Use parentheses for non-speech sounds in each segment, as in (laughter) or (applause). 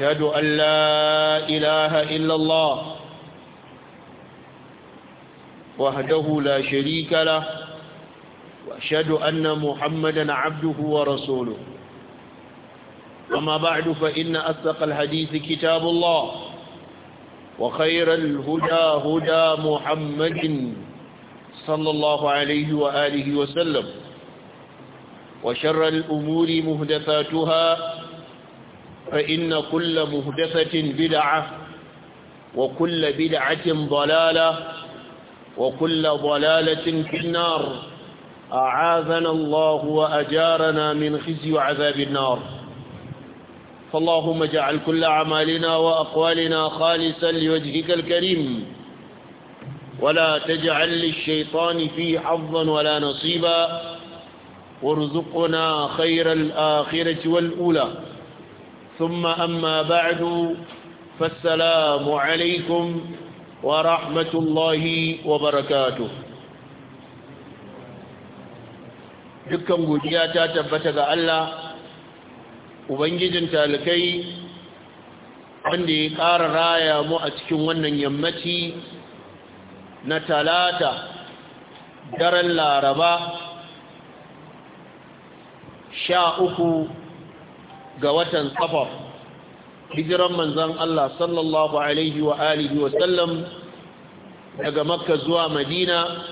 أشهد أن لا إله إلا الله وحده لا شريك له وأشهد أن محمدا عبده ورسوله أما بعد فإن أصدق الحديث كتاب الله وخير الهدى هدى محمد صلى الله عليه وآله وسلم وشر الأمور مهدفاتها فإن كل مهدفة بدعة وكل بدعة ضلالة وكل ضلالة في النار أعاذنا الله وأجارنا من خزي وعذاب النار فاللهم اجعل كل أعمالنا وأقوالنا خالصا لوجهك الكريم ولا تجعل للشيطان فيه حظا ولا نصيبا وارزقنا خير الآخرة والأولى ثم أما بعد فالسلام عليكم ورحمة الله وبركاته dukkan godiya ta tabbata ga Allah ubangijin talikai wanda ya ƙara raya mu a cikin wannan yammaci na talata daren laraba sha uku ga watan safar hijiran manzan Allah sallallahu alaihi wa alihi wa sallam daga makka zuwa madina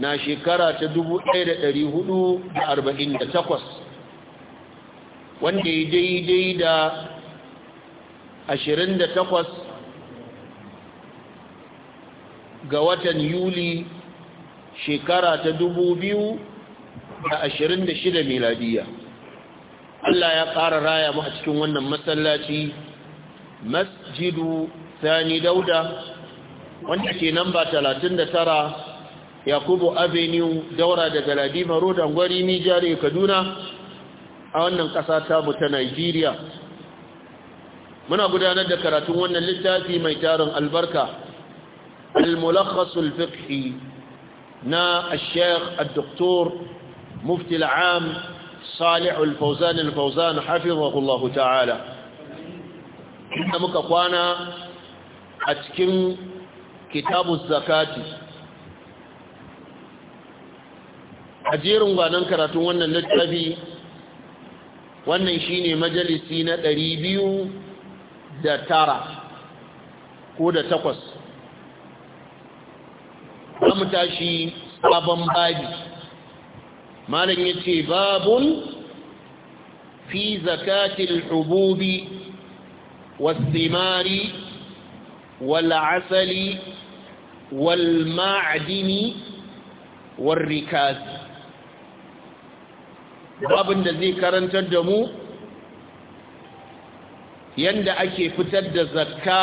na shekara ta 1448 wanda ya daidai da 28 ga watan yuli shekara ta 2026 miladiya Allah ya ƙara raya mu a cikin wannan masallaci masjidu sani dauda wanda ke namba tara yakubu avenue daura daga ladima road angwari nijare kaduna a wannan ƙasa tamu ta nigeria muna gudanar da karatun wannan littafi mai tarin albarka al-mulakhasul fiqhi na a sheikh al-doktor mufti al-am صالح الفوزان الفوزان حفظه الله تعالى inda muka kwana a cikin kitabun zakati a jerin gwanon karatun wannan littafi wannan shine majalisi na ɗari biyu da tara ko da takwas za mu tashi sabon babi malam yace babun fi zakatil hububi والثمار والعسل والمعدن والركاز babin da zai karantar da mu yanda ake fitar da zakka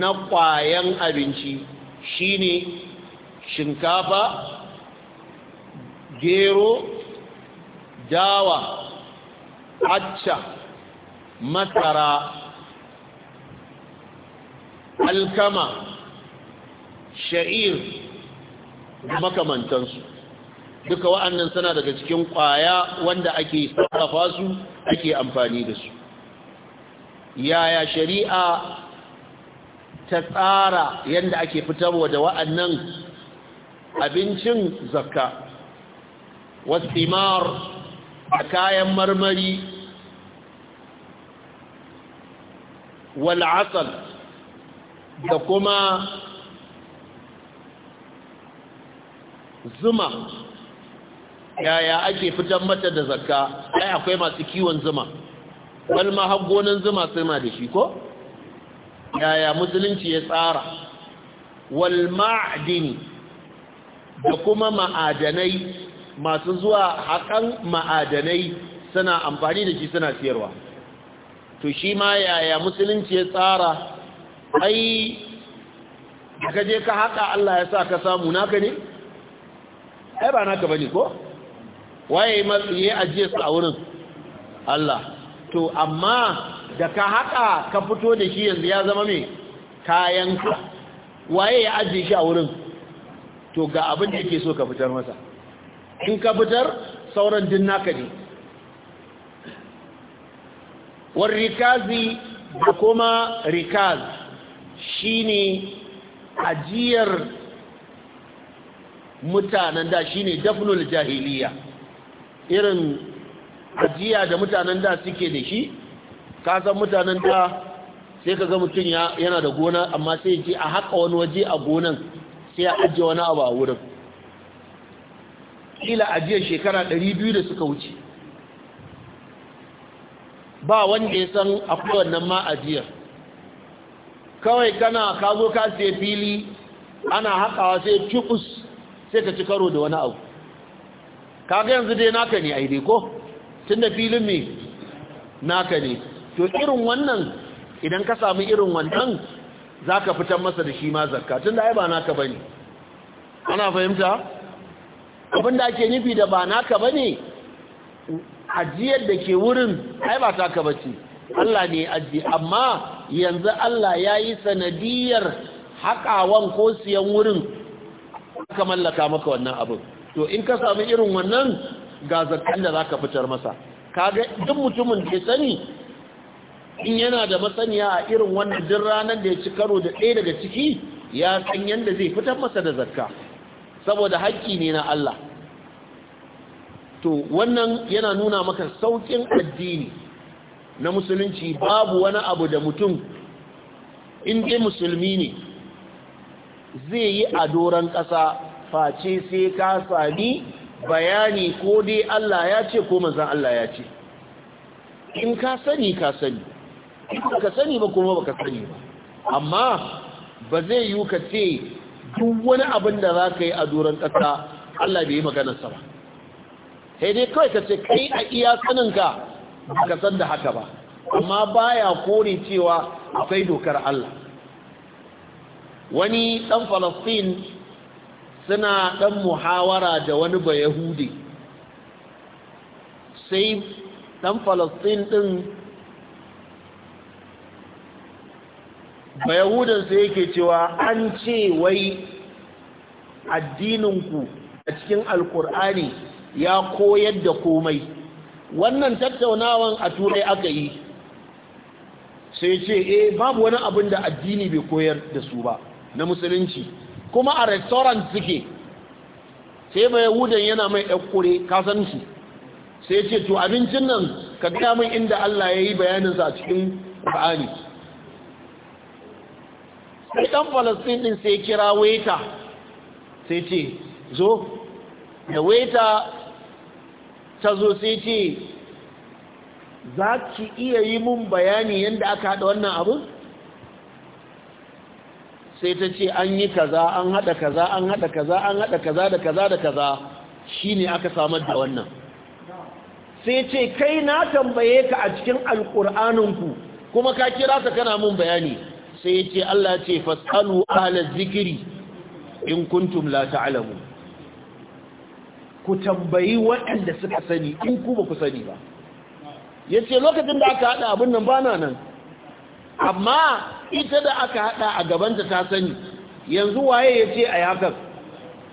na ƙwayan abinci shine shinkafa gero dawa acca matara alkama sha'ir makamantansu duka wa'annan suna daga cikin kwaya wanda ake sarrafa su ake amfani da su yaya shari'a ta tsara yadda ake fitarwa da wa'annan abincin zakka wastimar da kayan marmari wal'asal da kuma zuma yaya ake fitar mata da zakka ai akwai masu kiwon zuma wani ma zuma suna da shi ko yaya musulunci ya tsara wal ma'adini da kuma ma'adanai masu zuwa haƙan ma'adanai suna amfani da shi suna siyarwa to shi ma yaya musulunci ya tsara ai ka je ka haƙa Allah ya sa ka samu naka ne ai ba naka bane ko waye matsaye ajiye su a wurin Allah to amma da ka haƙa ka fito da shi yanzu ya zama mai kayan ka waye ya ajiye shi a wurin to ga abin da yake so ka fitar masa in ka fitar sauran din naka ne war rikazi da kuma rikaz shine ajiyar mutanen da shine dafnul jahiliya irin ajiya da mutanen da suke da shi ka san mutanen da sai ka ga mutum yana da gona amma sai ji a haka wani waje a gonan sai a ajiye wani abu a wurin kila ajiyar shekara 200 da suka wuce ba wanda ya san akwai wannan ma ajiyar kawai kana ka zo ka sai fili ana hakawa sai cikus sai ka ci karo da wani abu kaga yanzu dai naka ne aide ko tun filin ne naka ne to irin wannan idan ka samu irin wannan za ka fitar masa da shi ma zakka tun da ai ba naka ba ne ana fahimta abinda ake nufi da ba naka bane ajiyar da ke wurin ai ba taka bace Allah ne ajiye, amma yanzu Allah ya yi sanadiyar haƙawan ko siyan wurin aka mallaka maka wannan abin to in ka sami irin wannan ga zakkan da za ka fitar masa Ka ga duk mutumin da sani in yana da masaniya a irin wannan duk ranar da ya ci karo da ɗaya daga ciki ya san yadda zai fitar masa da zakka saboda haƙƙi ne na Allah to wannan yana nuna maka sauƙin addini na musulunci babu wani abu da mutum in dai musulmi ne zai yi a doron ƙasa face sai ka sami bayani ko dai Allah ya ce ko manzan Allah ya ce in ka sani ka sani in ka sani ba kuma ba ka sani ba amma ba zai yi ka ce duk wani abin da za ka yi a doron ƙasa Allah bai yi maganarsa ba sai dai kawai ka ce kai a iya saninka ba ka san da haka ba amma baya kore cewa akwai dokar Allah wani ɗan falastin suna ɗan muhawara da wani ba yahudi sai ɗan falastin ɗin bayahudan sai yake cewa an ce wai addininku a cikin alkur'ani ya koyar da komai wannan tattaunawan a turai aka yi sai ce eh babu wani abin da addini bai koyar da su ba na musulunci kuma a restaurant suke sai bayahudan yana mai ɗaukure kasansu sai ce to abincin nan ka gaya min inda Allah ya yi bayaninsa a cikin ƙa'ani sai ɗan falastin ɗin sai kira weta sai ce zo da weta ta zo sai ce za ki iya yi mun bayani yadda aka haɗa wannan abu sai ta ce an yi kaza an haɗa kaza an haɗa kaza an haɗa kaza da kaza da kaza shi ne aka samar da wannan sai ce kai na tambaye ka a cikin alƙur'aninku kuma ka kira ta kana mun bayani sai ya ce Allah ce fasalu ahla zikiri in kuntum la ta'lamu ku tambayi waɗanda suka sani in ku ba ku sani ba yace lokacin da aka haɗa abin nan bana nan amma ita da aka haɗa a gabanta ta sani yanzu waye yace ayi hakan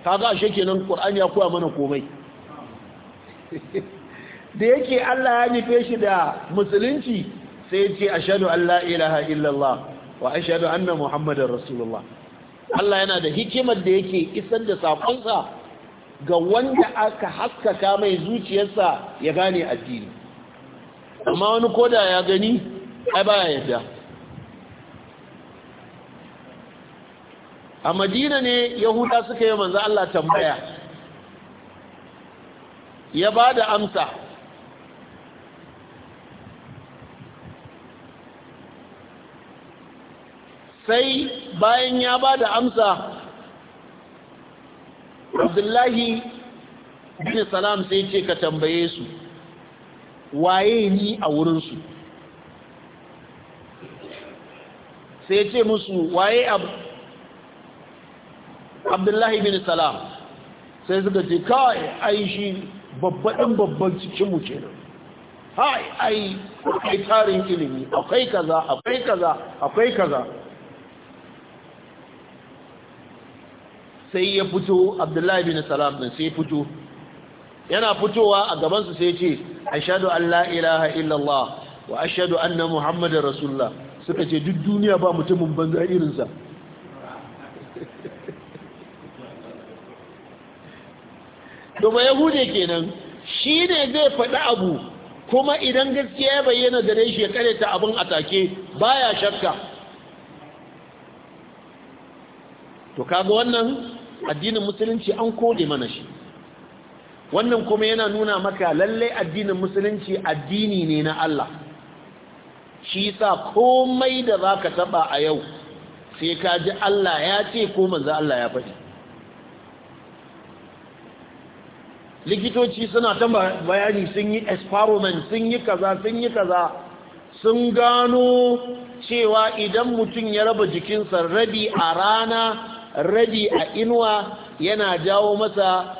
a ashe kenan Qur'ani ya koya mana komai (laughs) da yake Allah ya nufe shi da musulunci sai ya ce ashhadu an la ilaha illallah wa ashhadu anna muhammadun rasulullah Allah yana da hikimar da yake isar da saƙonsa ga wanda aka haskaka mai zuciyarsa ya gane addini amma wani koda ya gani ai baya yadda a madina ne yahuda suka yi manzo Allah tambaya ya ba da amsa sai bayan ya ba da amsa abdullahi bin salam sai ce ka tambaye su waye ni a wurinsu sai ce musu waye abdullahi bin salam sai suka ce kawai ai shi babbaɗin babban cikinmu muke nan hai ai akwai tarin ilimi akwai kaza akwai kaza akwai kaza sai ya fito abdullahi bin salam din sai fito yana fitowa a gabansu sai ce ashadu an la ilaha illallah wa ashadu anna muhammadin rasulullah suka ce duk duniya ba mutumin banza irinsa domin (laughs) yahude kenan shi ne zai faɗi abu kuma idan gaskiya ya bayyana gare shi ya ta abin a take baya shakka to kaga wannan addinin musulunci an kode mana shi wannan kuma yana nuna maka lallai addinin musulunci addini ne na Allah shi sa komai da za ka taba a yau sai ka ji Allah ya ce ko manzo Allah ya faɗi likitoci suna ta bayani sun yi experiment sun yi kaza sun yi kaza sun gano cewa idan mutum ya raba jikinsa rabi a rana rabi a inuwa yana jawo masa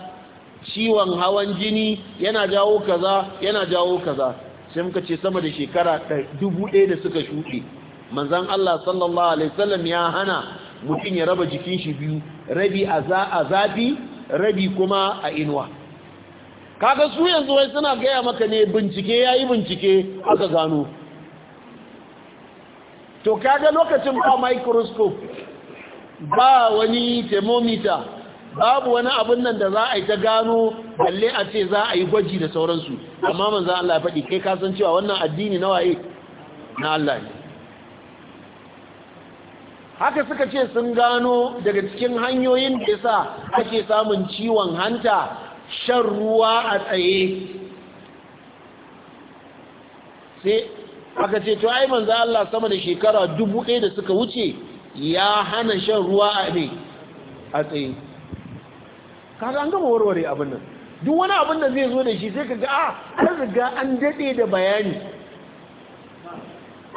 ciwon hawan jini yana jawo kaza yana jawo kaza sai muka ce sama da shekara dubu ɗaya da suka shuɗe manzan Allah sallallahu alaihi wasallam ya hana mutum ya raba jikin shi biyu rabi a a zafi rabi kuma a inuwa kaga su yanzu wai suna gaya maka ne bincike ya yi bincike aka gano to kaga lokacin ba microscope ba wani thermometer babu wani abun nan da za a yi ta gano balle a ce za a yi gwaji da sauransu amma manzan Allah ya faɗi kai kasan cewa wannan addini na waye na Allah ne haka suka ce sun gano daga cikin hanyoyin da yasa ake samun ciwon hanta shan ruwa a tsaye sai aka ce to ai manzan Allah sama da shekara dubu ɗaya da suka wuce ya hana shan ruwa a ne a tsaye kaga an gama warware abin nan duk wani abin da zai zo da shi sai kaga a ah, an riga an dade da bayani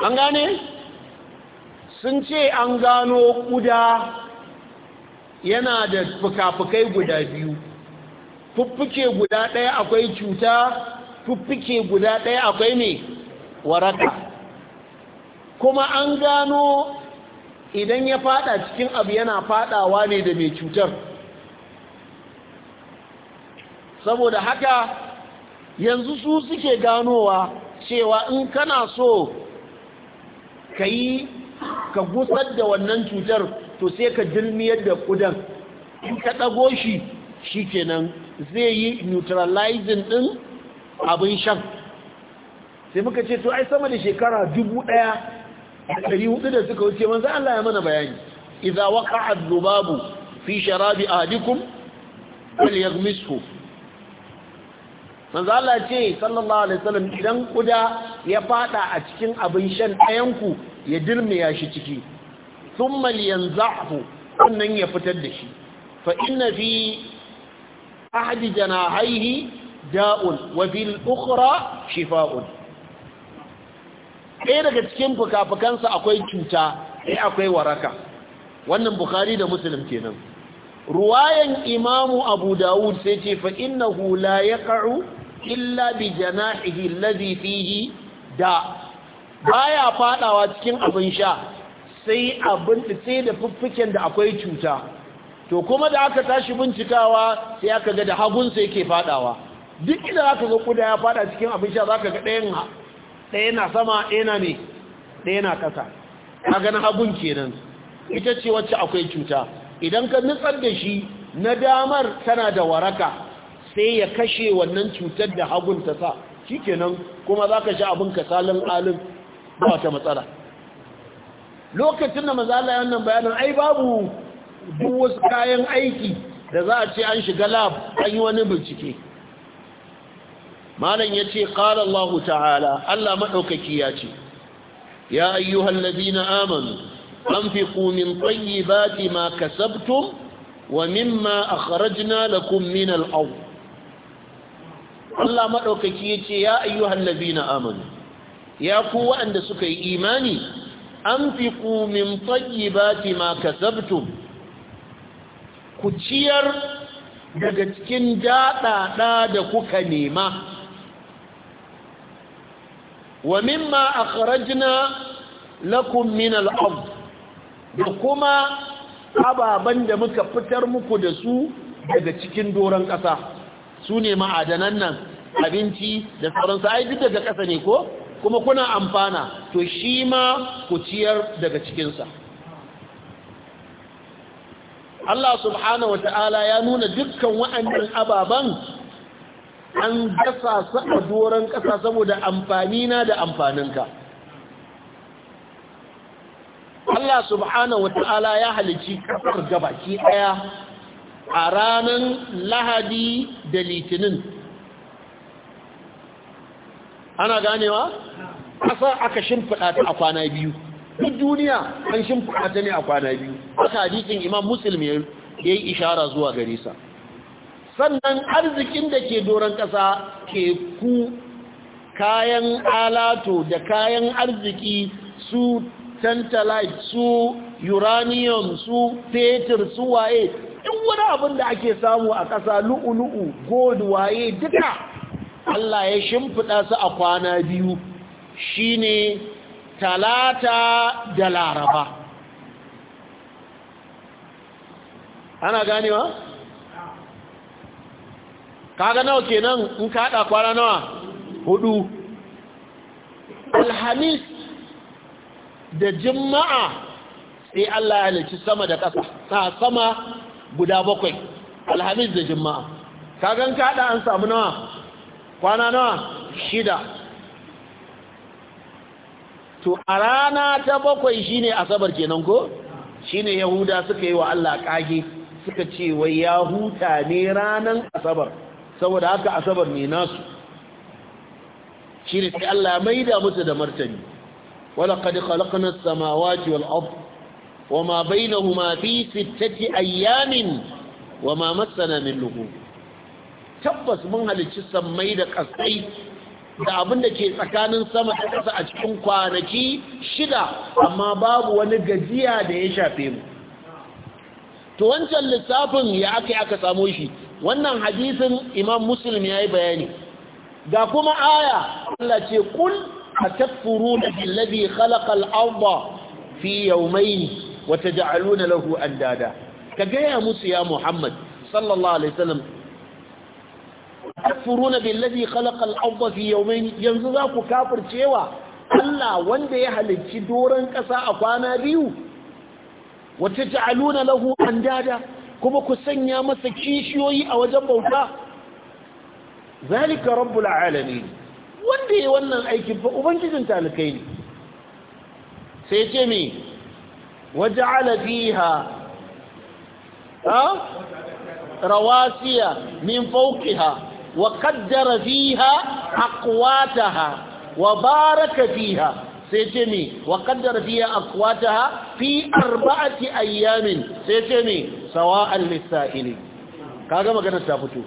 an gane sun ce an gano kuda yana da fuka-fukai guda biyu fuffuke guda ɗaya akwai cuta fuffuke guda ɗaya akwai ne waraka kuma an gano idan ya fada cikin abu yana fadawa ne da mai cutar saboda haka yanzu su suke ganowa cewa in kana so ka yi ka gusar da wannan cutar to sai ka jirmiyar da kudan in ka ɗago shi shi kenan zai yi neutralizing ɗin abin shan sai muka ce to ai sama da shekara dubu ɗaya ɗari hudu da suka wuce manzo Allah ya mana bayani idza waqa'a dhubabu fi sharabi ahadikum falyaghmishu manzo Allah ce sallallahu alaihi wasallam idan kuda ya fada a cikin abin shan ɗayanku ya dirmiya shi ciki thumma yanzahu sannan ya fitar da shi fa inna fi ahadi janahaihi da'un wa fil ukhra shifa'un ɗaya daga cikin fuka-fukansa akwai cuta Ai akwai waraka wannan bukhari da musulun kenan ruwayan imamu abu dawud sai ce fa hula ya ƙaru, illa bi jana allazi fihi da baya fadawa cikin abin sha sai abin sai da fuffuken da akwai cuta to kuma da aka tashi bincikawa sai aka ga da hagunsa yake fadawa duk inda aka ga kuda ya fada cikin abin sha za ka ga ɗayan ɗaya na sama ɗaya na ne ɗaya na ƙasa a ganin hagun kenan ita ce wacce akwai cuta idan ka nutsar da shi na damar tana da waraka sai ya kashe wannan cutar da hagun ta sa shi kenan kuma za ka sha abin kasalin alin ba ta matsala lokacin da mazala yannan bayanin ai babu duk wasu kayan aiki da za a ce an shiga lab an yi wani bincike malam ya ce ƙara Allah ta'ala Allah maɗaukaki ya ce ya ayyuhan na amanu an fi kumin ƙwayi ba ti ma kasabtum wa mimma a kharajina da kummin al'au Allah maɗaukaki ya ce ya ayyuhan na amanu ya ku waɗanda suka yi imani an fi kumin ƙwayi ba ti ma kasabtum ku ciyar daga cikin daɗaɗa da kuka nema wa mimma akhrajna lakum min al-ard da kuma ababan da muka fitar muku da su daga cikin doron ƙasa su ne ma'adanan nan abinci da sauransu ai duk daga ƙasa ne ko kuma kuna amfana to shi ma ku ciyar daga cikinsa Allah subhanahu wa ta'ala ya nuna dukkan waɗannan ababan an gasa su a doron ƙasa saboda amfani na da amfaninka Allah subhanahu wata'ala ya halici ƙasar gabaki ɗaya a ranar lahadi da litinin ana ganewa? ƙasa aka shimfiɗa ta a kwana biyu duk duniya an shimfiɗa ta ne a kwana biyu aka hadisin imam musulmi ya yi ishara zuwa garisa sannan arzikin da ke doron ƙasa ke ku kayan alato da kayan arziki su tantalite su uranium su fetur su waye In wani abin da ake samu a ƙasa lu'ulu'u gold waye duka Allah ya shimfiɗa su a kwana biyu shine talata da laraba ana ganewa? kaga nawa kenan in ka hada kwana nawa hudu alhamis da jima'a sai Allah ya halici sama da ƙasa ta sama guda bakwai alhamis da jima'a ka kaɗa an samu nawa kwana nawa shida to a rana ta bakwai shine asabar kenan ko shine yahuda suka yi wa Allah kage suka ce wai ya huta ne ranan asabar saboda haka asabar ne nasu shi ne Allah maida musu da martani wala qad khalaqna as-samawati wal ard wama bainahuma fi sittati ayamin wama massana min lughub tabbas mun halicci sammai da kasai da abin da ke tsakanin sama da ƙasa a cikin kwanaki shida amma babu wani gajiya da ya shafe mu to wancan lissafin ya aka aka samo shi wannan hadisin imam muslim ya yi bayani ga kuma aya Allah ce kun a tafuru da billazi khalaqal arda fi yawmayn wa taj'aluna lahu andada ka gaya musu ya muhammad sallallahu alaihi tafuru atakfuruna billazi khalaqal arda fi yawmayn yanzu za ku cewa Allah wanda ya halicci doron ƙasa a kwana biyu wa taj'aluna lahu andada kuma ku sanya masa kishiyoyi a wajen bauta zalika rabbul alamin wanda yayi wannan aikin fa ubangijin talikai ne sai ce me waja'ala fiha ha rawasiya min fawqiha wa qaddara fiha aqwataha wa baraka fiha sai ce mi wa qaddara fiha aqwataha fi arba'ati ayyamin sai ce mi sawa'an lis-sa'ili kaga magana ta fito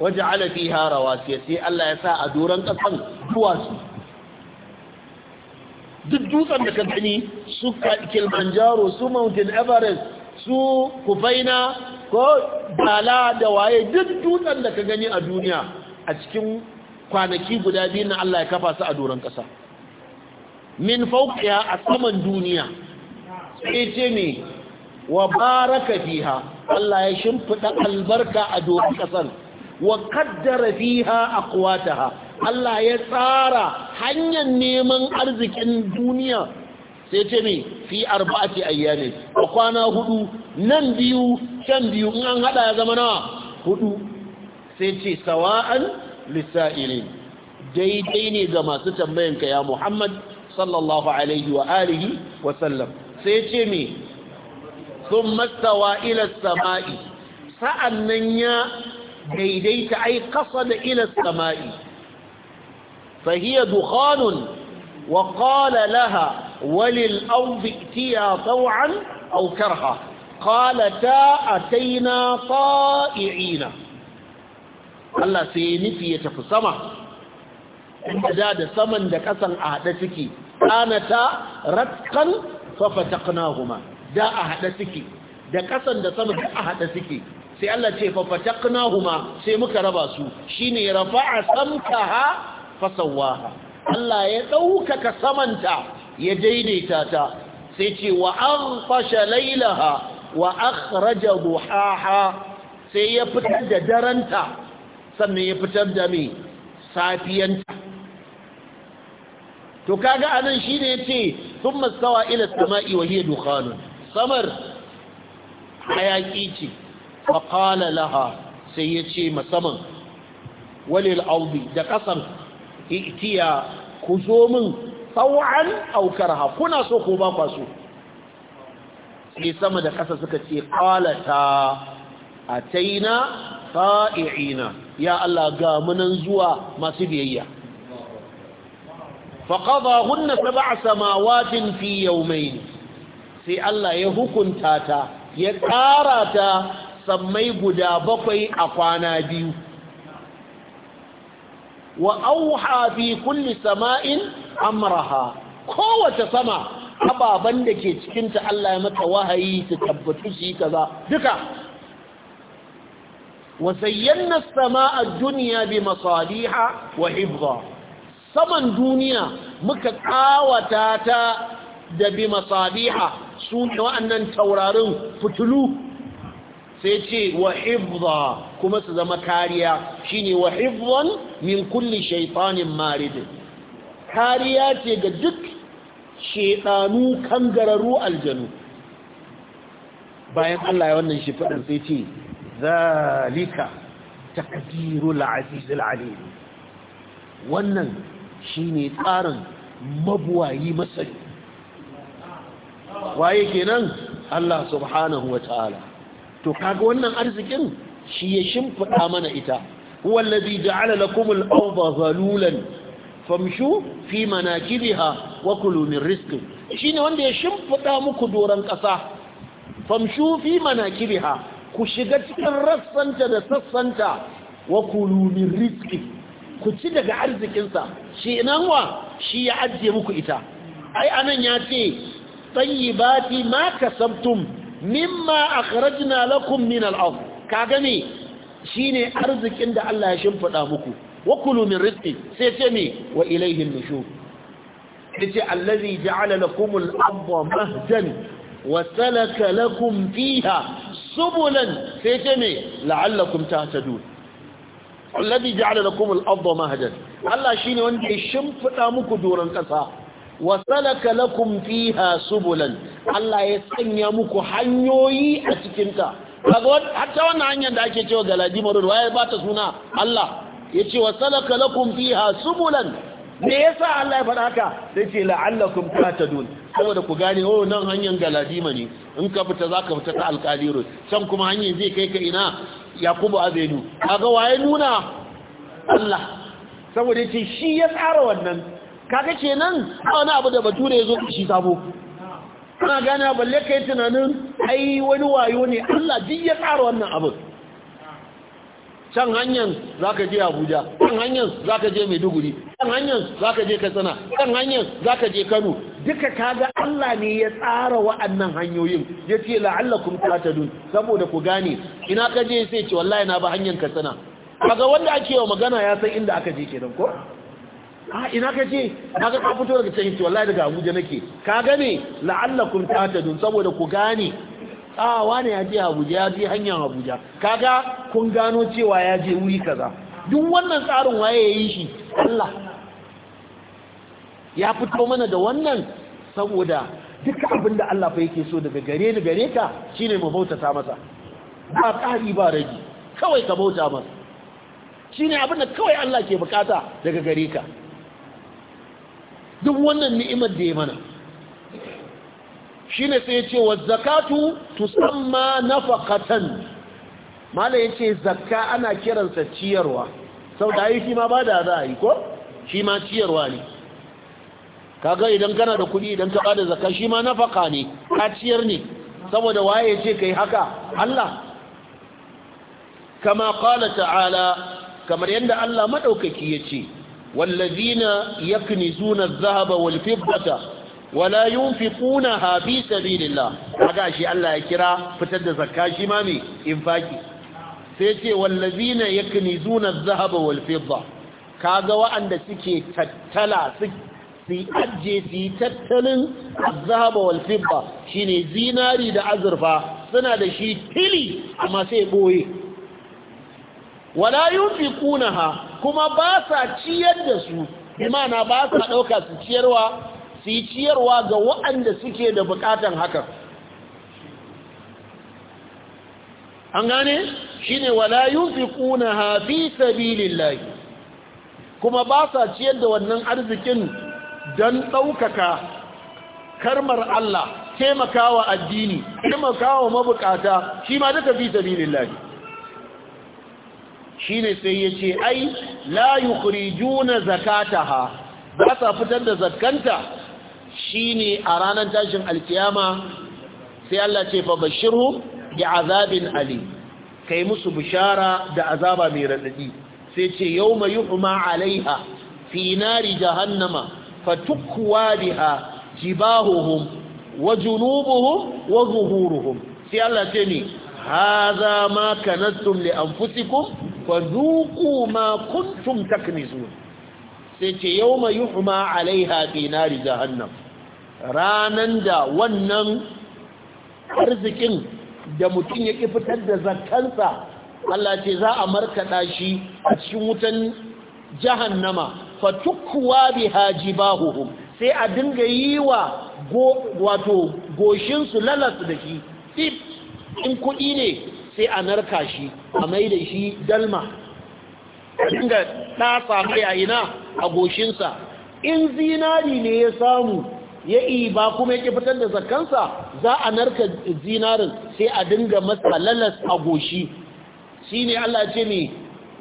waja'ala fiha rawasiya sai Allah ya sa a doran kasan duwatsu duk dutsen da ka gani su Kilimanjaro su Mountain Everest su Kufaina ko bala da waye duk dutsen da ka gani a duniya a cikin kwanaki guda biyu na Allah ya kafa su a doron ƙasa min fauqiha a saman duniya sai ce ne wa baraka fiha Allah ya shimfida albarka a doron ƙasar wa qaddara fiha aqwataha Allah ya tsara hanyar neman arzikin duniya sai ce ne fi arba'ati ayyami a kwana hudu nan biyu can biyu in an hada ya zama nawa hudu sai ce sawa'an lissa'ilin daidai ne ga masu tambayankaya ya Muhammad sallallahu alaihi wa alihi wa sai ce me sun mastawa ila sama'i nan ya daidaita ai kasa da ila sama'i fahiya dukhanun wa laha walil ardi tiya taw'an aw karha qalata ataina ta'i'ina Allah sai ya nufi ya tafi sama inda da da saman da kasan a haɗe suke kanata ratkan fafataqnahuma da a haɗe suke da kasan da saman da a haɗe suke sai Allah ce fafataqnahuma sai muka raba su shine rafa'a samkaha fasawaha Allah ya ɗaukaka samanta ya daidaita ta sai ce wa fashe lailaha wa akhraja buhaha, sai ya fitar da daranta sannan ya fitar da mai safiyanta to kaga anan shi ne ce sun mastawa ila sama'i wa hiya dukhanun samar hayaki ce faƙala laha sai ya ce musamman walil audi da ƙasan itiya ku zo min tsawon aukar ha kuna so ko ba kwaso sai sama da ƙasa suka ce ƙalata a taina fa'i'ina ya Allah ga munan zuwa masu biyayya hunna sab'a samawatin fi yawmayn sai Allah ya hukunta ta ya ƙara ta sammai guda bakwai a kwana biyu wa auha fi kulli sama'in amraha kowace sama ababan da ke cikinta Allah ya mata wahayi su tabbatu shi kaza duka وزينا السماء الدنيا بمصابيح وحفظا saman duniya muka kawata ta da bi masabiha su ne wa'annan taurarin fitulu sai ce wa hifza kuma su zama kariya shine wa hifzan min kulli shaytanin maridin. kariya ce ga duk shedanu kangararru aljanu bayan Allah ya wannan shi fadin sai ce zalika taqdirul azizul alim wannan shine tsarin mabuwayi masani waye kenan Allah subhanahu wataala to kaga wannan arzikin shi ya shimfida mana ita huwa allazi ja'ala lakumul arda zalulan famshu fi manakibiha wa kulu min rizqi shine wanda ya shimfida muku doran kasa famshu fi manakibiha ku shiga cikin rassanta da sassanta wa rizqi ku ci daga arzikinsa shi nan wa shi ya ajiye muku ita ai anan ya ce tayyibati ma kasabtum mimma akhrajna lakum min al-ard kaga ne shine arzikin da Allah ya shimfiɗa muku wa kulu min rizqi sai ce me wa ilaihin nishu yace allazi ja'ala lakum al-ardha mahdan wa salaka lakum fiha subulan sai ce me la'allakum tahtadun alladhi ja'ala lakum al-ardha Mahajan. Allah shine wanda ya shimfida muku doran kasa wa salaka lakum fiha subulan Allah ya sanya muku hanyoyi a cikin ta kaga hatta wannan hanyar da ake cewa galadi marud waye ba ta suna Allah yace wa salaka lakum fiha subulan me sa Allah ya faɗa haka sai ce la'allakum tatadun saboda ku gane o oh, nan hanyar galadima ne in ka fita za ka fita ta alkalirun can kuma hanyar zai kai ka ina yakubu A kaga waye nuna Allah saboda ce shi ya tsara wannan kaga kenan wani abu da bature zo shi sabo kana gane balle kai tunanin ai wani wayo ne Allah duk ya tsara wannan abu can hanyar za ka je abuja kan hanyar za ka je maiduguri kan hanyar za ka je katsina kan hanyar za ka je kano duka kaga allah ne ya tsara wa'annan hanyoyin ya ce la'allakum tatadun saboda ku gane ina ka je sai ce wallahi na ba hanyar katsina kaga wanda ake wa magana ya san inda aka je kenan ko a ina ka ce ga ka fito daga cikin wallahi daga abuja nake ka gane la'allakum tatadun saboda ku gane a ah, wane ya je abuja ya je hanyar abuja kaga kun gano cewa ya je wuri kaza duk wannan tsarin waye ya yi shi Allah ya fito mana da wannan saboda duka abin da Allah fa yake so daga gare ni gare ka shine mu ta masa ba ƙari ba rage kawai ka bauta masa shine abin da kawai Allah ke bukata daga gare ka duk wannan ni'imar da ya mana shine sai ya ce wa zakatu tusamma nafaqatan mala ya ce zakka ana kiransa ciyarwa sau da yi shi ma ba da za a yi ko shi ma ciyarwa ne kaga idan kana da kuɗi idan ka bada zakka shi ma nafaka ne ka ciyar ne saboda waye ce kai haka Allah kama qala ta'ala kamar yadda Allah ya yace wallazina yaknizuna adh-dhahaba wal-fiddata wala yunfiqunaha fi sabilillah kaga shi Allah ya kira fitar da zakka shi ma me infaki sai ce wallazina yaknizuna adh-dhahaba wal fidda kaga wa'anda suke tattala su ajiye su yi tattalin azaba wal fidda shine zinari da azurfa suna da shi tili amma sai boye wala yunfiqunaha kuma ba sa ciyar da su imana ba sa dauka su ciyarwa su ciyarwa ga wa'anda suke da bukatan hakan an gane shine wala hafi sabilin sabilillahi kuma ba sa ciyar da wannan arzikin don ɗaukaka karmar Allah taimakawa addini taimakawa mabukata shi ma duka fi Shi ne sai yace ai la yukhrijuna zakataha ba sa fitar da zakanta shine a ranar tashin alkiyama sai Allah ce fa bashirhum bi'azabin ali kai musu bishara da azaba mai radadi sai ce yawma yuhma alaiha fi nari jahannama fatukwa biha jibahuhum wa junubuhum wa zuhuruhum sai Allah ce ni hadha ma kanastum li anfusikum fadhuqu ma kuntum taknizun sai ce yawma yuhma alaiha fi nari jahannam ranan da wannan arzikin da mutum ya ƙi fitar da zakansa Allah ce za a markaɗa shi a cikin wutan jahannama fatukkuwa bi hajibahuhum sai a dinga yi wa wato goshinsu lalas da shi tip in kuɗi ne sai a narka shi a mai da shi dalma a dinga ɗasa mai a ina a goshinsa in zinari ne ya samu ya ba kuma ya yake fitar da zakansa za a narka zinarin sai a dinga masa lalas a goshi shi ne Allah ce ne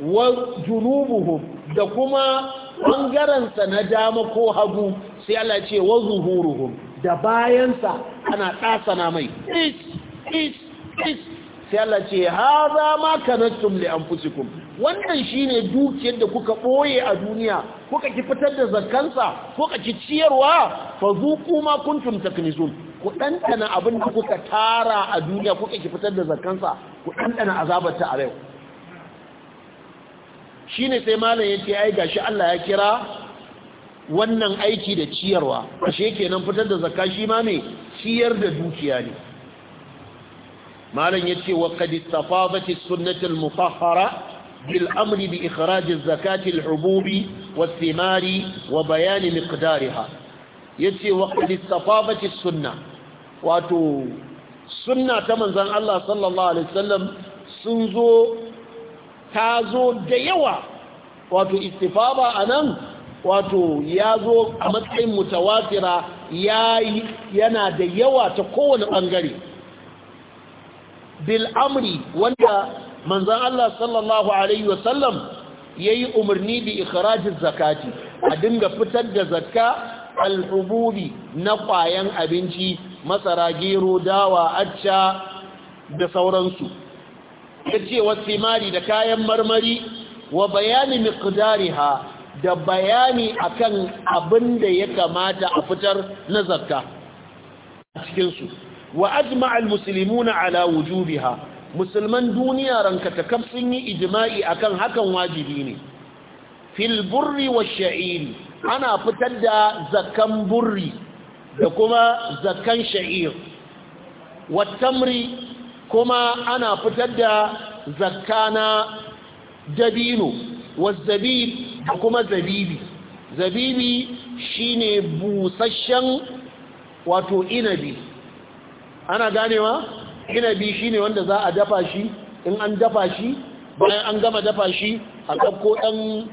wa junubuhu da kuma ɓangarensa na dama ko hagu sai Allah ce wa zuhuruhu da bayansa ana ɗasana mai is is is sai Allah ce haza ma kanattum li anfusikum wannan shine dukiyar da kuka boye a duniya kuka ki fitar da zakansa kuka ki ciyarwa fa zuqu ma kuntum taknizun ku ɗanɗana abin da kuka tara a duniya kuka ki fitar da zakansa ku ɗanɗana ta a yau shine sai malam yace ai gashi Allah ya kira wannan aiki da ciyarwa ashe kenan fitar da zakka shi ma me ciyar da dukiya ne malam yace wa qad istafadat as-sunnah al-mutahhara bil amr bi ikhraj az-zakat hububi was wa bayani miqdariha yace wa qad istafadat as-sunnah wato sunna ta manzon Allah sallallahu alaihi wasallam sun zo ta zo da yawa wato istifaba anan wato ya zo a matsayin mutawatira yayi yana da yawa ta kowane bangare bil amri wanda manzon Allah sallallahu alaihi wasallam yayi umarni bi ikhrajiz zakati a dinga fitar da zakka al'ububi na kwayan abinci masara gero dawa acca da sauransu wasu wasimari da kayan marmari wa bayani miqdariha da bayani akan abin da ya kamata a fitar na zakka a cikinsu wa ajma'a almuslimuna ala wujubi ha, musulman duniya ranka sun yi ijma'i akan hakan wajibi ne fil burri wash-sha'iri ana fitar da zakan burri da kuma zakan sha'ir wat-tamri kuma ana fitar da zakana dabino wazzabib da kuma zabibi zabibi shine busasshen wato inabi ana ganewa inabi ne wanda za a dafa shi in an dafa shi bayan an gama dafa shi a ɗauko ɗan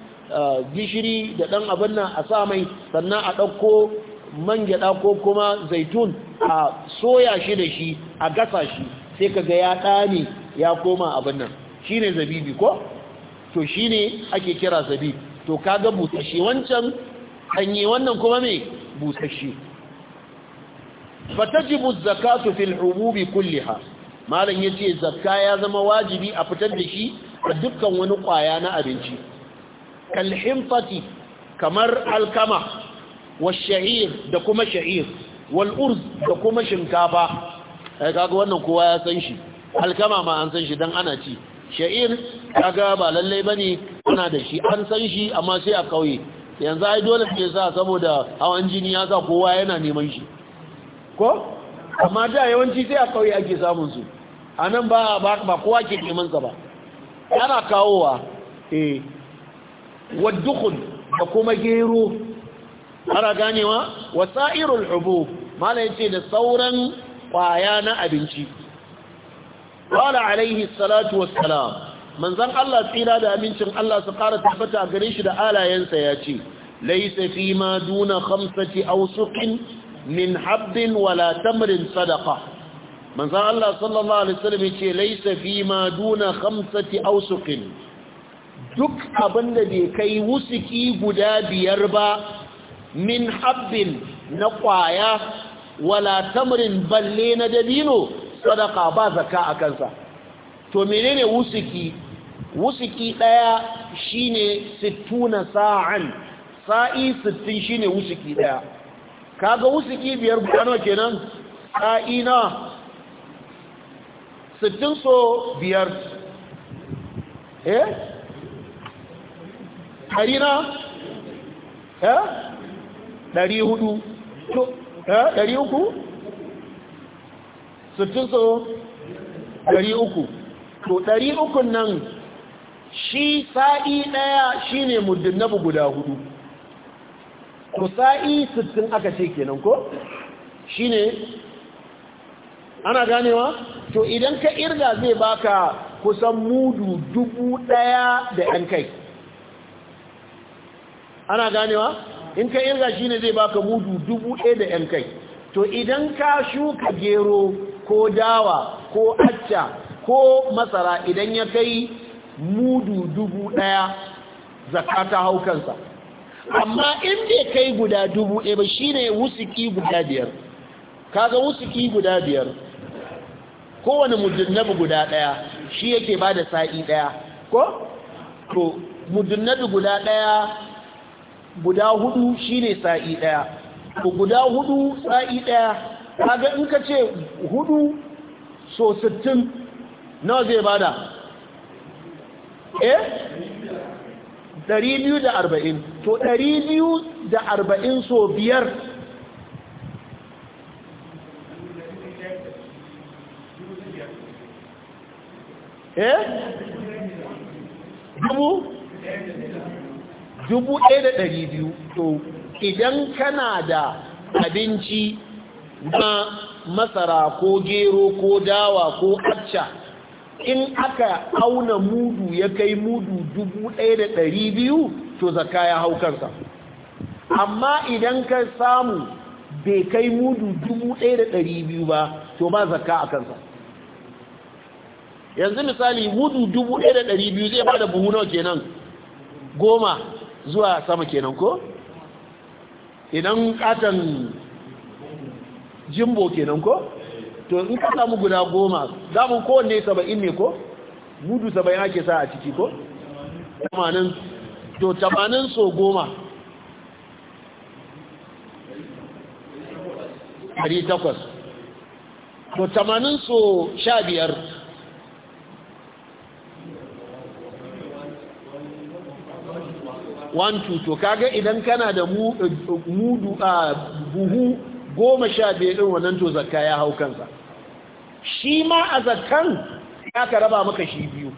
gishiri da ɗan abin nan a sa mai sannan a ɗauko man gyaɗa ko kuma zaitun a soya shi da shi a gasa shi sai ka ga ya ɗani ya koma abin nan shi ne zabibi ko? to shi ne ake kira zabibi to kaga busasshe wancan hanyi wannan kuma mai busasshe fatajibu zakatu fil hubub kulliha malam yace zakka ya zama wajibi a fitar da shi a dukkan wani kwaya na abinci kal himfati kamar alkama washa'ir da kuma sha'ir wal urz da kuma shinkafa ai kaga wannan kowa ya san shi alkama ma an san shi dan ana ci sha'ir kaga ba lalle bane ana da shi an san shi amma sai a kauye yanzu ai dole sai sa saboda hawan jini ya sa kowa yana neman shi ko amma da yawanci sai a kauye ake samun su a nan ba ba kowa ke neman sa ba ana kawowa eh waddukun da kuma gero ana ganewa wasairul hubu malai ce da sauran kwaya na abinci wala alaihi salatu wassalam manzon Allah tsira da amincin Allah su ƙara tabbata gare shi da alayensa ya ce Laisa fi ma duna khamsati awsuqin min habbin wala tamrin sadaqa manzon Allah sallallahu alaihi wasallam yace laysa fi ma duna khamsati awsuqin duk abinda bai kai wusuki guda biyar ba min habbin na kwaya wala tamrin balle na dabino sadaka ba zakka a kansa to menene wusuki wusuki daya shine 60 sa'an sa'i 60 shine wusuki daya kaga wusuki biyar bukano kenan ƙa'ina sittin so biyar eh na? eh Dari hudu eh ɗari uku sittin so ɗari uku to ɗari ukun nan shi sa'i ɗaya shi ne muddin guda hudu kusa'i sittin aka ce kenan ko shine ana ganewa to idan ka irga zai baka kusan mudu dubu ɗaya da ɗan kai ana ganewa in ka irga shine zai baka mudu dubu ɗaya da ɗan kai to idan ka shuka gero ko dawa ko acca ko masara idan ya kai mudu dubu ɗaya zakata haukansa amma in bai kai guda dubu ɗaya ba ne wusuki guda biyar kaga wusuki guda biyar kowane mujunnabi guda ɗaya shi yake ba da sa'i ɗaya ko? to mujunnabi guda ɗaya guda hudu shi ne sa'i ɗaya ko guda hudu sa'i ɗaya kaga in ka ce hudu so sittin nawa zai bada eh 240 to 240 so biyar eh dubu dubu da ɗari biyu to idan kana da abinci na masara ko gero ko dawa ko acca in aka auna mudu ya kai mudu dubu ɗaya da ɗari biyu to zaka ya hau kansa amma idan ka samu bai kai mudu dubu ɗaya da ɗari biyu ba to ba zaka a kansa yanzu misali mudu dubu ɗaya da ɗari biyu zai bada buhu nawa kenan goma zuwa sama kenan ko idan katon jimbo kenan ko to in ka samu guda goma mu kowanne saba'in ne ko gudu saba'in ake sa a ciki ko tamanin to tamanin so goma ɗari takwas to tamanin so sha biyar wantu two to kaga idan kana da eh, mudu a ah, buhu goma sha biyar ɗin wannan to zakka ya hau kansa shi ma a zakkan ya ka raba maka shi biyu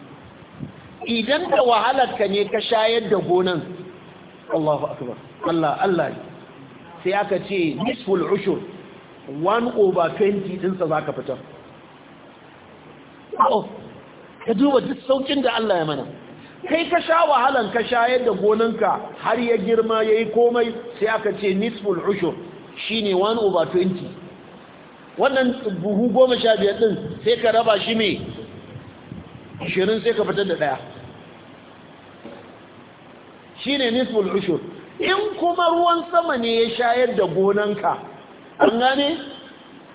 idan da ka ne ka shayar da gonan Allahu akbar Allah Allah sai aka ce nisful ushur 1 over 20 sa zaka fitar oh ka duba duk saukin da Allah ya mana kai ka sha wahalan ka shayar da gonanka har ya girma yayi komai sai aka ce nisful ushur Shi ne 1 over 20 wannan buhu goma sha biyar ɗin sai ka raba shi mai ashirin sai ka fitar da ɗaya shi ne nisful ushur in kuma ruwan sama ne ya shayar da gonanka an gane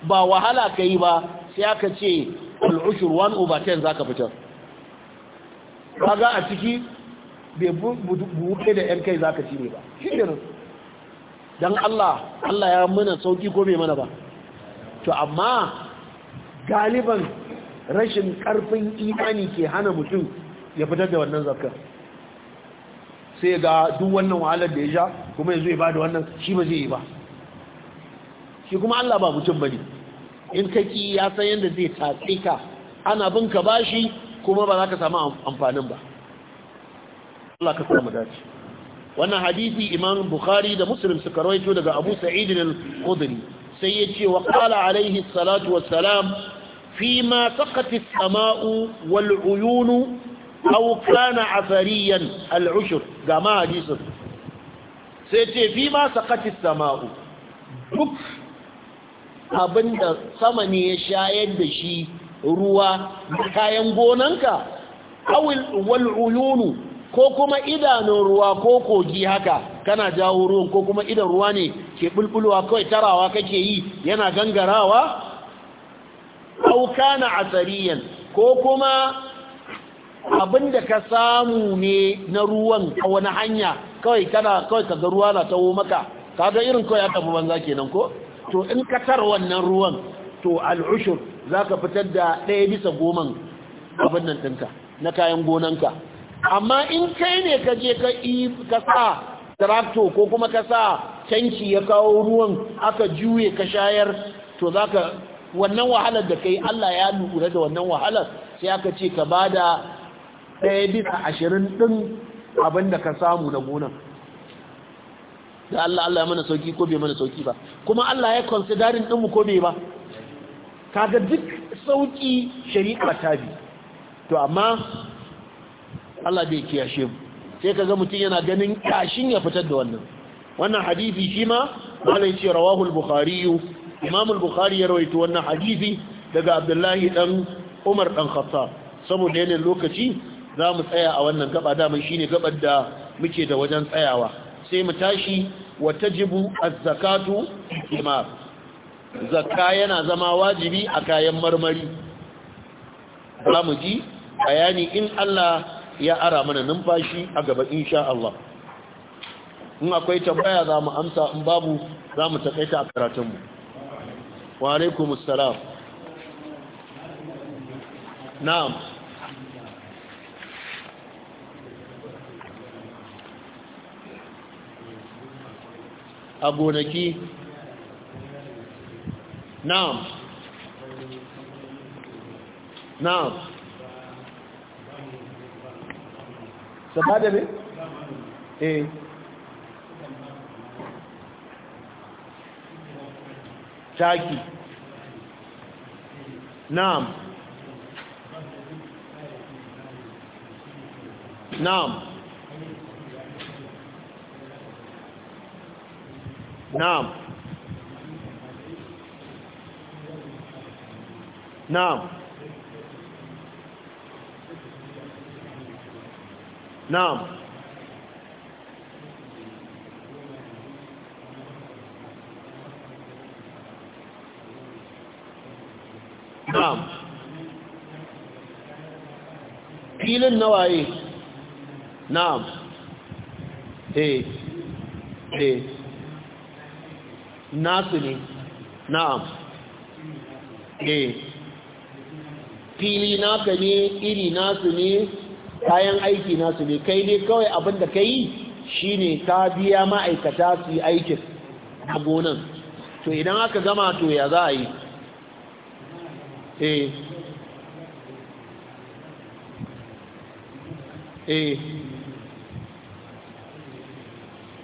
ba wahala ka yi ba sai aka ce al'ushur 1 over 10 za ka fitar ba ga a ciki bai buɗe da 'yan kai za ka ci ne ba shi ne don Allah Allah ya mana sauki ko bai mana ba to amma galiban rashin karfin imani ke hana mutum ya fitar da wannan zakka sai ga duk wannan wahalar da ya sha kuma yanzu ya ba wannan shi ba zai yi ba shi kuma Allah ba mutum bane in kaki ya san yadda zai tatse ka ana bin ka bashi kuma ba za ka samu amfanin ba Allah ka mu dace wannan hadisi imam bukhari da muslim suka rawaito daga abu sa'id al-khudri sai yace wa qala alayhi salatu wassalam fi ma saqat as-sama'u wal uyun aw kana afariyan al-ushr ga ma sai ce fi ma saqat as-sama'u duk abinda sama ne ya shayar da shi ruwa kayan gonanka awil wal uyunu ko kuma idanun ruwa ko kogi haka kana jawo ruwan ko kuma idan ruwa ne ke bulbulwa kawai tarawa kake yi yana gangarawa auka na asariyan ko kuma abinda ka samu ne na ruwan a wani hanya kawai kana kawai ka ruwa na tawo maka kaga irin kawai aka fi banza kenan ko to in ka tar wannan ruwan to al'ushur zaka fitar da ɗaya bisa goman abin nan ɗinka na kayan gonanka amma in kai ne ka je ka sa tarakto ko kuma ka sa tanki ya kawo ruwan aka juye ka shayar to za ka wannan wahalar da kai Allah ya lura da wannan wahalar sai aka ce ka ba da ɗaya bisa ashirin ɗin abin da ka samu na gona. da Allah Allah ya mana sauki ko bai mana sauki ba kuma Allah ya darin ɗinmu ko bai ba kaga duk sauki shari'a ta bi to amma Allah bai kiyashe mu sai kaga mutum yana ganin kashin ya fitar da wannan wannan hadisi shima, ma malai ce rawahu al-bukhari imam al-bukhari ya rawaito wannan hadisi daga abdullahi dan umar dan khattab saboda yanayin lokaci za mu tsaya a wannan gaba daman shine gabar da muke da wajen tsayawa sai mu tashi wa tajibu az-zakatu imam zakka yana zama wajibi a kayan marmari za mu ji bayani in Allah ya ara mana numfashi a gaba insha Allah in akwai tambaya za mu amsa in babu za mu takaita a karatunmu wa alaikumus salam na'am a gonaki na'am na'am Sabada ne? eh taki na'am na'am na'am na'am نعم نعم قيل النواعي نعم ايه ايه ناصني نعم ايه قيلنا كني إلي ناصني kayan aiki nasu ne kai ne kawai abin da ka yi shi ne ta biya ma'aikata su yi aikin na gonan to idan aka gama to ya za a yi eh eh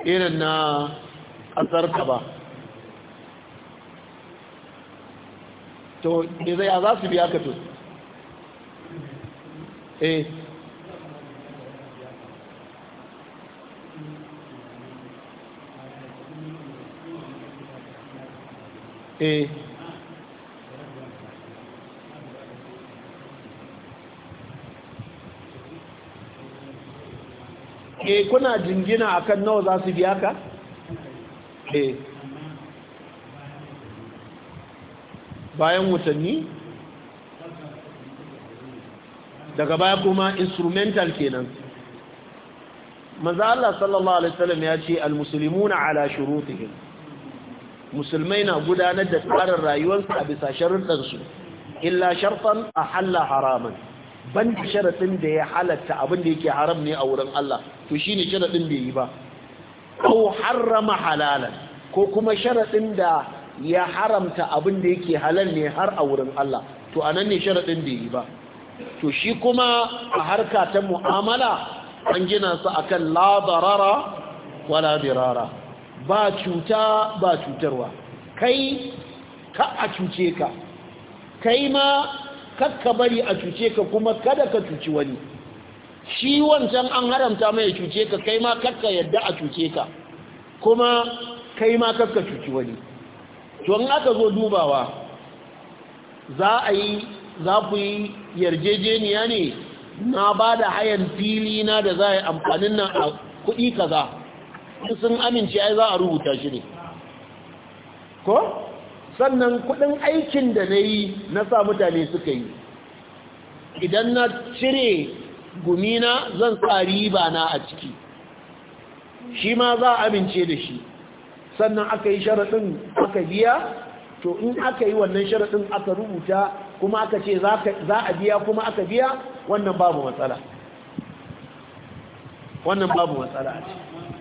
irin na ƙasar ka ba to ne zai a za su biya ka to eh eh e kuna jingina akan nawa za su biya ka? e bayan watanni? daga baya kuma instrumental kenan maza Allah sallallahu Alaihi wasallam ya ce al-musulmuna ala shurutihim musulmai na gudanar da tsarin rayuwarsu a bisa sharuɗansu illa sharfan a halla haramun. ban da sharaɗin da ya halatta abin da yake haram ne a wurin Allah to shi ne sharaɗin bai yi ba ko harrama halalan ko kuma sharaɗin da ya haramta abin da yake halal ne har a wurin Allah to a nan ne sharaɗin bai yi ba to shi kuma a harka ta mu'amala an gina su akan la darara wala dirara ba cuta ba cutarwa kai ka a cuce ka kai ma kakka bari a cuce ka kuma kada ka cuci wani shi wancan an haramta mai cuce ka kai ma kakka yadda a cuce ka kuma kai ma kakka cuci wani to aka zo dubawa za a yi za ku yi yarjejeniya ne na ba da hayan fili na da za a yi amfanin nan a kuɗi kaza in sun amince ai za a rubuta shi ne ko sannan kudin aikin da na yi na sa mutane suka yi idan na cire gumina zan sa riba na a ciki shi ma za a amince da shi sannan aka yi sharaɗin aka biya to in aka yi wannan sharaɗin aka rubuta kuma aka ce za a biya kuma aka biya wannan babu matsala wannan babu matsala a ciki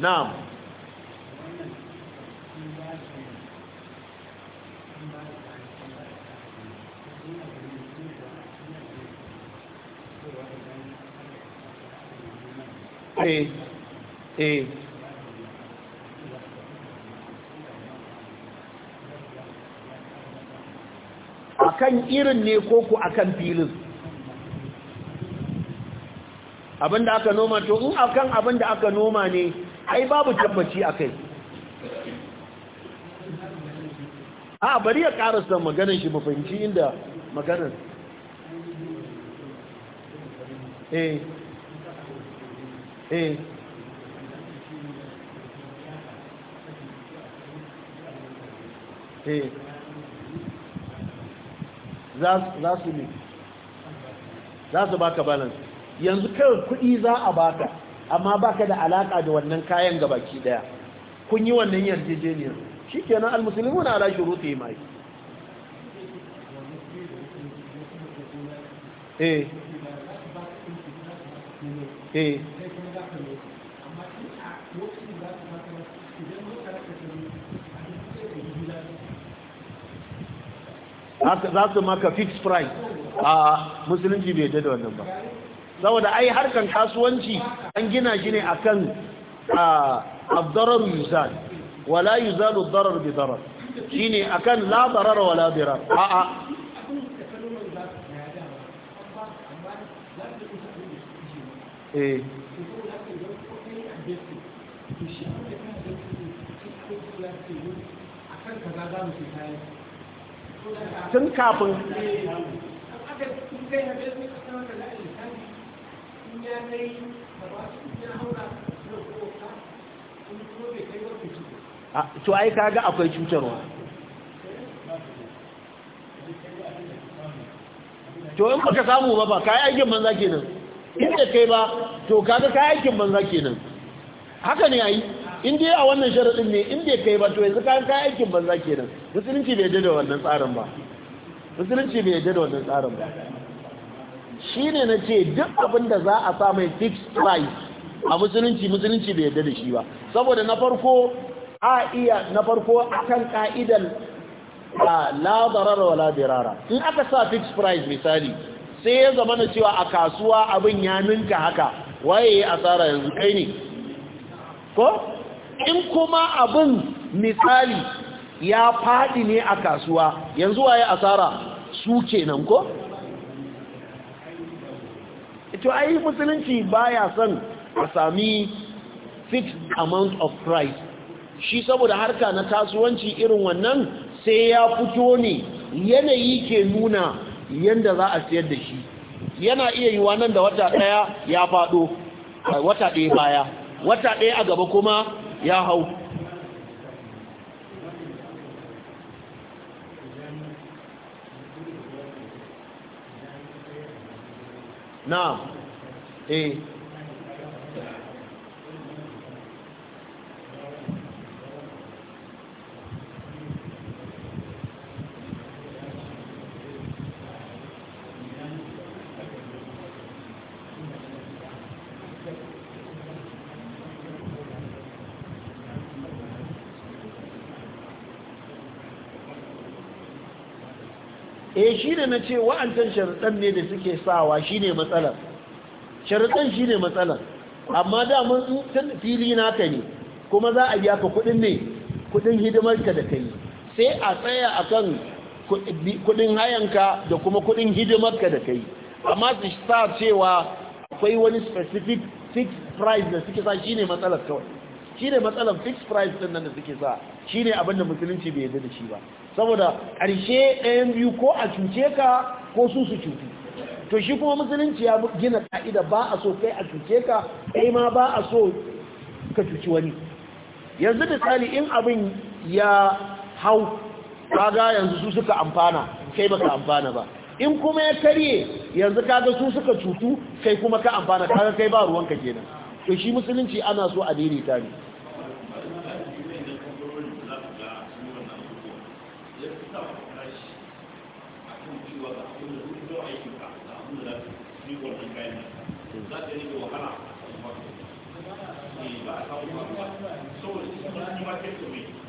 na'am eh eh akan irin ne ko ku akan filin abinda aka noma to in akan abinda aka noma ne ai babu tabbaci a kai a bari ya karasa maganin shi mafahimci inda maganin eh eh eh za su ne za su baka balance yanzu kawai kudi za a baka amma ba ka da alaka da wannan kayan gabaki daya kun yi wannan yarjejeniyar almusulmi na ala shuru ta yi mai eh. eh. za su maka fixed price a ah, musulunci bai da wannan ba saboda ai harkan kasuwanci an gina shi ne akan abdarar yuzal wala yuzalu darar bi darar shine akan la darar wala dirar a'a eh tun kafin to ai kaga akwai cutarwa to in baka samu ba ba kai aikin banza kenan inda kai ba to kaga kai aikin banza kenan haka ne ai in dai a wannan sharadin ne in dai kai ba to yanzu kai kai aikin banza kenan musulunci bai yarda da wannan tsarin ba musulunci bai yarda da wannan tsarin ba shi ne na ce duk abin da za a sa mai fixed price a musulunci musulunci bai yadda da shi ba saboda na farko a iya na farko akan ka'idan la labarar wala in aka sa fixed price misali sai ya zama na cewa a kasuwa abin ya ninka haka waye ya asara yanzu kai ne ko in kuma abin misali ya faɗi ne a kasuwa yanzu waye asara su kenan ko to ai musulunci baya son a sami fit amount of price shi saboda harka na kasuwanci irin wannan sai ya fito ne yanayi ke nuna yanda za a sayar da shi yana iya yiwa nan da wata ɗaya ya faɗo wata ɗaya baya wata ɗaya a gaba kuma ya hau na eh eh shi ne na ce wa'ancan sharaɗan ne da suke sawa shi ne matsalar sharaɗan shi ne matsalar amma sun fili naka ne kuma za a biya kudin kuɗin ne kuɗin hidimarka da ka yi sai a tsaya a kan kuɗin hayanka da kuma kuɗin hidimarka da ka yi amma su sa cewa akwai wani specific fixed price da suke sa shi ne matsalar kawai shi ne matsalar fixed price ɗin nan da suke sa shi ne abinda musulunci bai yadda da shi ba saboda ƙarshe ɗayan biyu ko a cuce ka ko su su cutu to shi kuma musulunci ya gina ka'ida ba a so kai a cuce ka kai ma ba a so ka cuci wani yanzu misali in abin ya hau kaga yanzu su suka amfana kai baka amfana ba in kuma ya karye yanzu kaga su suka cutu kai kuma ka amfana kaga kai ba ruwan ka kenan to shi musulunci ana so a daidaita ne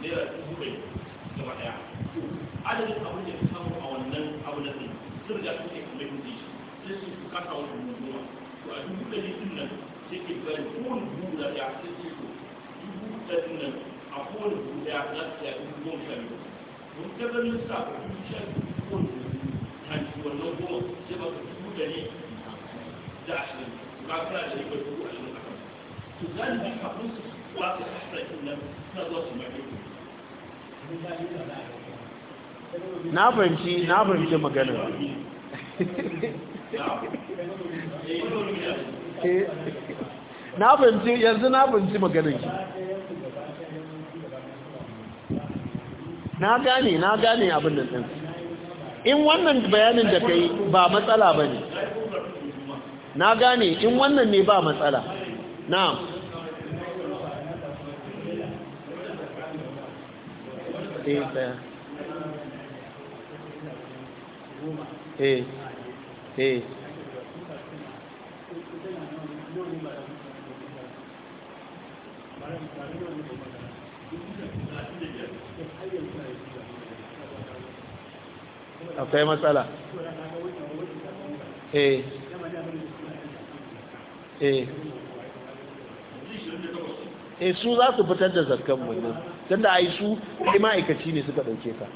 naira dubu bai gaba daya adadin abin da ka samu a wannan abu na sai sun riga sun kai kamar yanzu sai su ku kasa wani dubu to a dubu ɗari din nan sai ke bari kowane dubu guda ɗaya sai su ku dubu ɗari nan a kowane dubu ɗaya za su ya dubu goma sha biyu mun tabbatar da sa dubu sha biyu kowane dubu kan wannan goma sai ba ka dubu ɗari da ashirin ba kana da ribar dubu ashirin a kan to zan yi su na na fahimci na fahimci maganar na fahimci yanzu na fahimci magana ki na gane na gane abin da ɗin in wannan bayanin da kai ba matsala ba ne na gane in wannan ne ba matsala na'am ɗaya ɗaya akwai matsala eh eh su za su fitar da zarkan mu ne tun da a yi su kai ma'aikaci ne suka ɗauke ka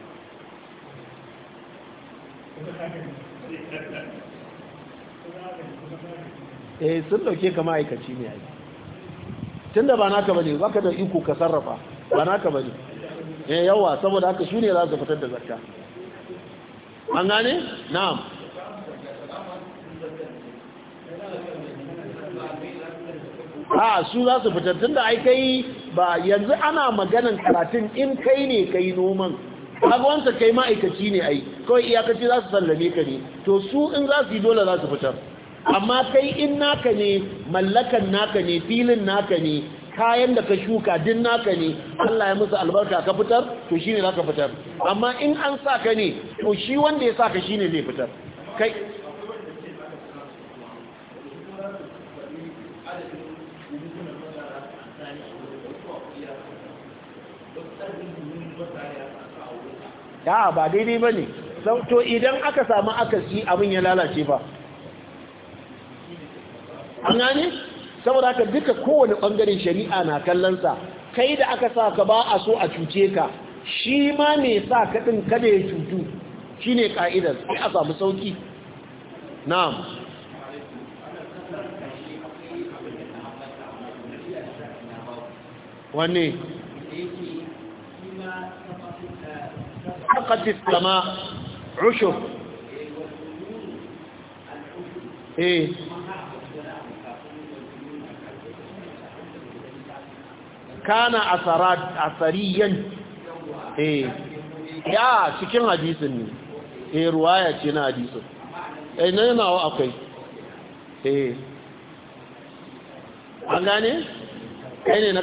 eh sun ɗauke ka ma'aikaci ne a yi tun da ba naka ba ne ba ka da iko ka sarrafa ba naka ba ne eh yawa saboda haka su ne za su fitar da zakka an gane? na'am a ah, su za su fitar tun da aikai ba yanzu ana maganan karatun in kai ne kai noman agwanta kai ma'aikaci ne ai kawai iyakaci za su sallame ka ne to su in za su yi dole za su fitar amma kai in naka ne mallakan naka ne filin naka ne kayan da ka shuka din naka ne Allah ya musu albarka ka fitar to shine za ka fitar amma in an sa ka ne to shi wanda ya sa ka shine zai fitar kai ya ba daidai ba ne to idan aka samu akasi abin ya lalace ba an gane saboda haka duka kowane ɓangaren shari'a na kallonsa kai da aka sa ka ba a so a cuce ka shi ma mai sa kaɗin kada ya cutu shi ne ƙa'idar sai a samu sauƙi na'am wanne سقط السماء عشب ايه كان اثرات اثريا ايه يا cikin hadisin ne eh ruwaya ce na hadisin eh nan akwai eh an gane kai ne na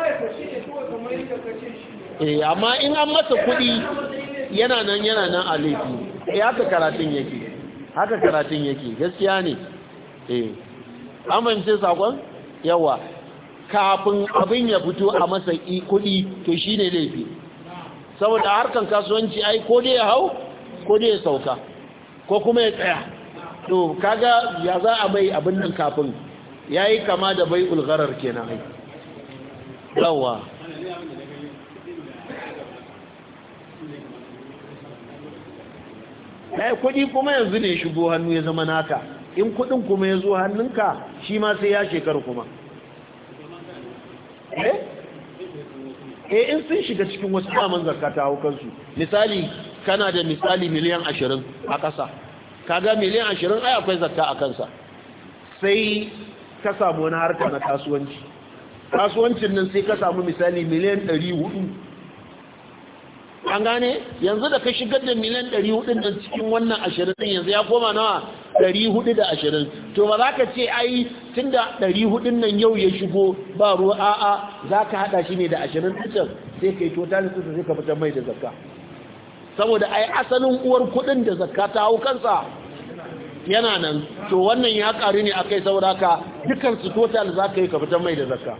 eh amma in an masa kuɗi yana nan yana nan a laifi eh haka karatun yake haka karatun yake gaskiya ne eh amince sakon yawa kafin abin ya fito a masa kuɗi to shine laifi saboda harkan kasuwanci ai ko dai ya hau ko dai ya sauka ko kuma ya tsaya to kaga ya za a bai abin nan kafin yayi kama da bai ulgharar kenan ai yawa kai eh, kuɗi kuma yanzu ne shigo hannu ya zama naka in kuɗin kuma ya zo hannunka shi ma sai ya shekaru kuma eh? eh in sun shiga cikin wasu daman zakka ta hau kansu misali kana da misali miliyan ashirin a ƙasa kaga miliyan ashirin ai akwai zakka a kansa sai ka samu wani harka na kasuwanci kasuwancin nan sai ka samu misali miliyan ɗari hudu an gane yanzu da ka shigar da miliyan 400 nan cikin wannan 20 din yanzu ya koma nawa 420 to ba za ka ce ai tun da 400 nan yau ya shigo ba ruwa a'a za ka haɗa shi ne da 20 ɗin sai ka yi total su sai ka fitar mai da zakka saboda ai asalin uwar kuɗin da zakka ta hau kansa yana nan to wannan ya ƙaru ne akai saboda ka dukansu total za ka yi ka fitar mai da zakka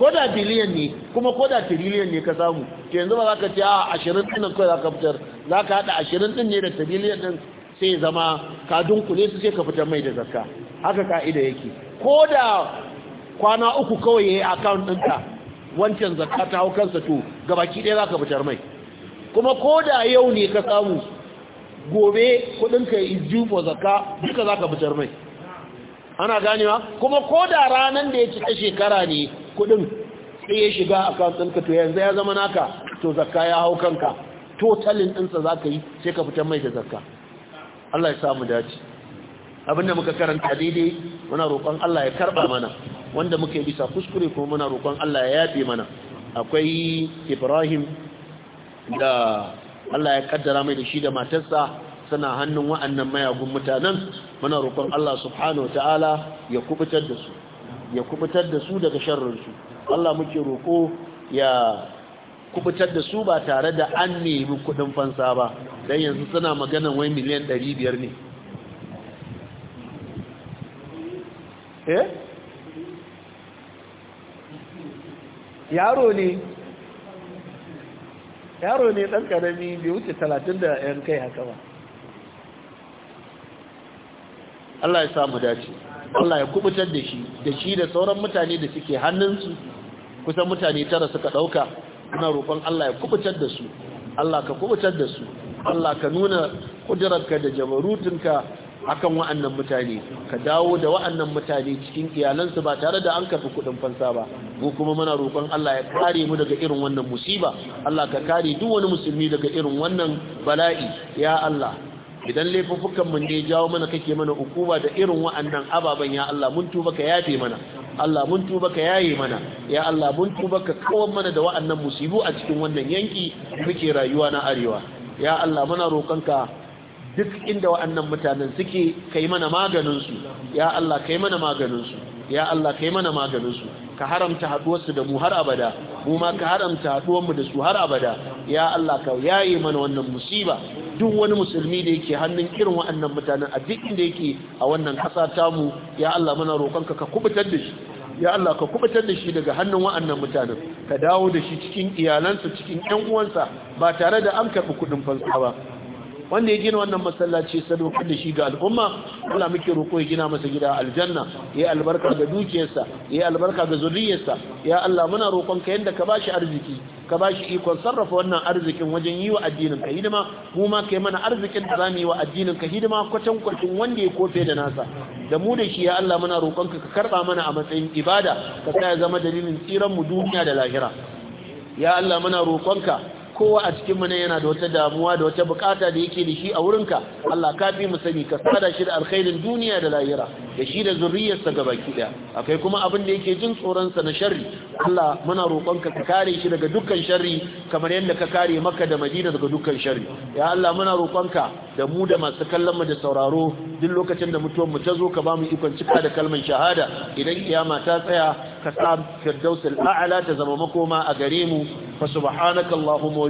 ko da biliyan ne kuma ko da tiriliyan ne ka samu to yanzu ba za ka ce a ashirin ɗin kawai za ka fitar za ka haɗa ashirin ɗin ne da tiriliyan ɗin sai zama ka dunkule su sai ka fitar mai da zakka haka ka'ida yake ko da kwana uku kawai ya yi akawun ɗinka wancan zakka ta hau kansa to gabaki ɗaya za ka fitar mai kuma ko da yau ne ka samu gobe is due for zakka duka za ka fitar mai ana ganewa kuma ko da ranar da ya cika shekara ne kudin sai ya shiga account ɗinka to yanzu ya zama naka to zakka ya hau kanka totalin ɗinsa za ka yi sai ka fitar mai da zakka Allah ya samu dace abinda muka karanta daidai muna roƙon Allah ya karɓa mana wanda muka yi bisa kuskure kuma muna roƙon Allah ya yafe mana akwai Ibrahim da Allah ya kaddara mai da shi da matarsa suna hannun wa'annan mayagun mutanen muna roƙon Allah subhanahu wa ta'ala ya kubutar da su ya kubutar da su daga sharrarsu Allah muke roƙo ya kubutar da su ba tare da an nemi kudin fansa ba don yanzu suna maganan wai miliyan 500 ne eh? yaro ne yaro ne ɗan ƙarami bai wuce 30 da 'yan kai haka ba Allah ya samu dace Allah ya kubutar da shi da shi da sauran mutane da suke hannunsu kusan mutane tara suka ɗauka muna roƙon Allah ya kubutar da su Allah ka kubutar da su Allah ka nuna kudirarka da jamarutinka akan wa'annan mutane ka dawo da wa'annan mutane cikin iyalansu ba tare da an kafi kudin fansa ba ko kuma muna roƙon Allah ya kare mu daga irin wannan musiba Allah ka kare duk wani musulmi daga irin wannan bala'i ya Allah idan laifuffukan mu ne jawo mana kake mana hukuma da irin wa'annan ababan ya Allah mun tuba ka yafe mana Allah mun tuba ka yaye mana ya Allah mun tuba ka kawar mana da wa'annan musibu a cikin wannan yanki muke rayuwa na arewa ya Allah muna roƙonka duk inda wa'annan mutanen suke kai mana maganin su ya Allah kai mana maganin su ya Allah kai mana maganinsu ka haramta haduwarsu da mu har abada mu ma ka haramta mu da su har abada ya Allah ka yaye mana wannan musiba duk wani musulmi da yake hannun irin waɗannan mutanen a duk inda yake a wannan ƙasa mu, ya Allah muna roƙonka ka kubutar da shi ya Allah ka kubutar da shi daga hannun wa'annan mutanen ka dawo da shi cikin iyalansa cikin ƴan uwansa ba tare da an karɓi kuɗin fansa ba wanda ya gina wannan masallaci sadaukar da shi ga al'umma Allah muke roko ya gina masa gida aljanna ya albarka ga dukiyarsa ya albarka ga zuriyarsa ya Allah muna roƙon ka yanda ka bashi arziki ka bashi ikon sarrafa wannan arzikin wajen yi wa addinin ka hidima mu ma kai mana arzikin da zamu yi wa addinin ka hidima kwatan kwatin wanda ya kofe da nasa da mu da shi ya Allah muna roƙon ka ka karba mana a matsayin ibada ka sa ya zama dalilin tsiran mu duniya da lahira ya Allah muna roƙonka kowa a cikin mu yana da wata damuwa da wata bukata da yake da shi a wurinka Allah ka fi mu sani ka sada shi da alkhairin duniya da lahira da shi da zuriyarsa ga baki daya akai kuma abin da yake jin tsoron sa na sharri Allah muna roƙonka ka kare shi daga dukkan sharri kamar yadda ka kare Makka da Madina daga dukkan sharri ya Allah muna ka da mu da masu kallon mu da sauraro duk lokacin da mutum mu ta zo ka ba mu ikon cika da kalmar shahada idan kiyama ta tsaya ka sa firdausul a'la ta zama makoma a gare mu fa subhanakallahumma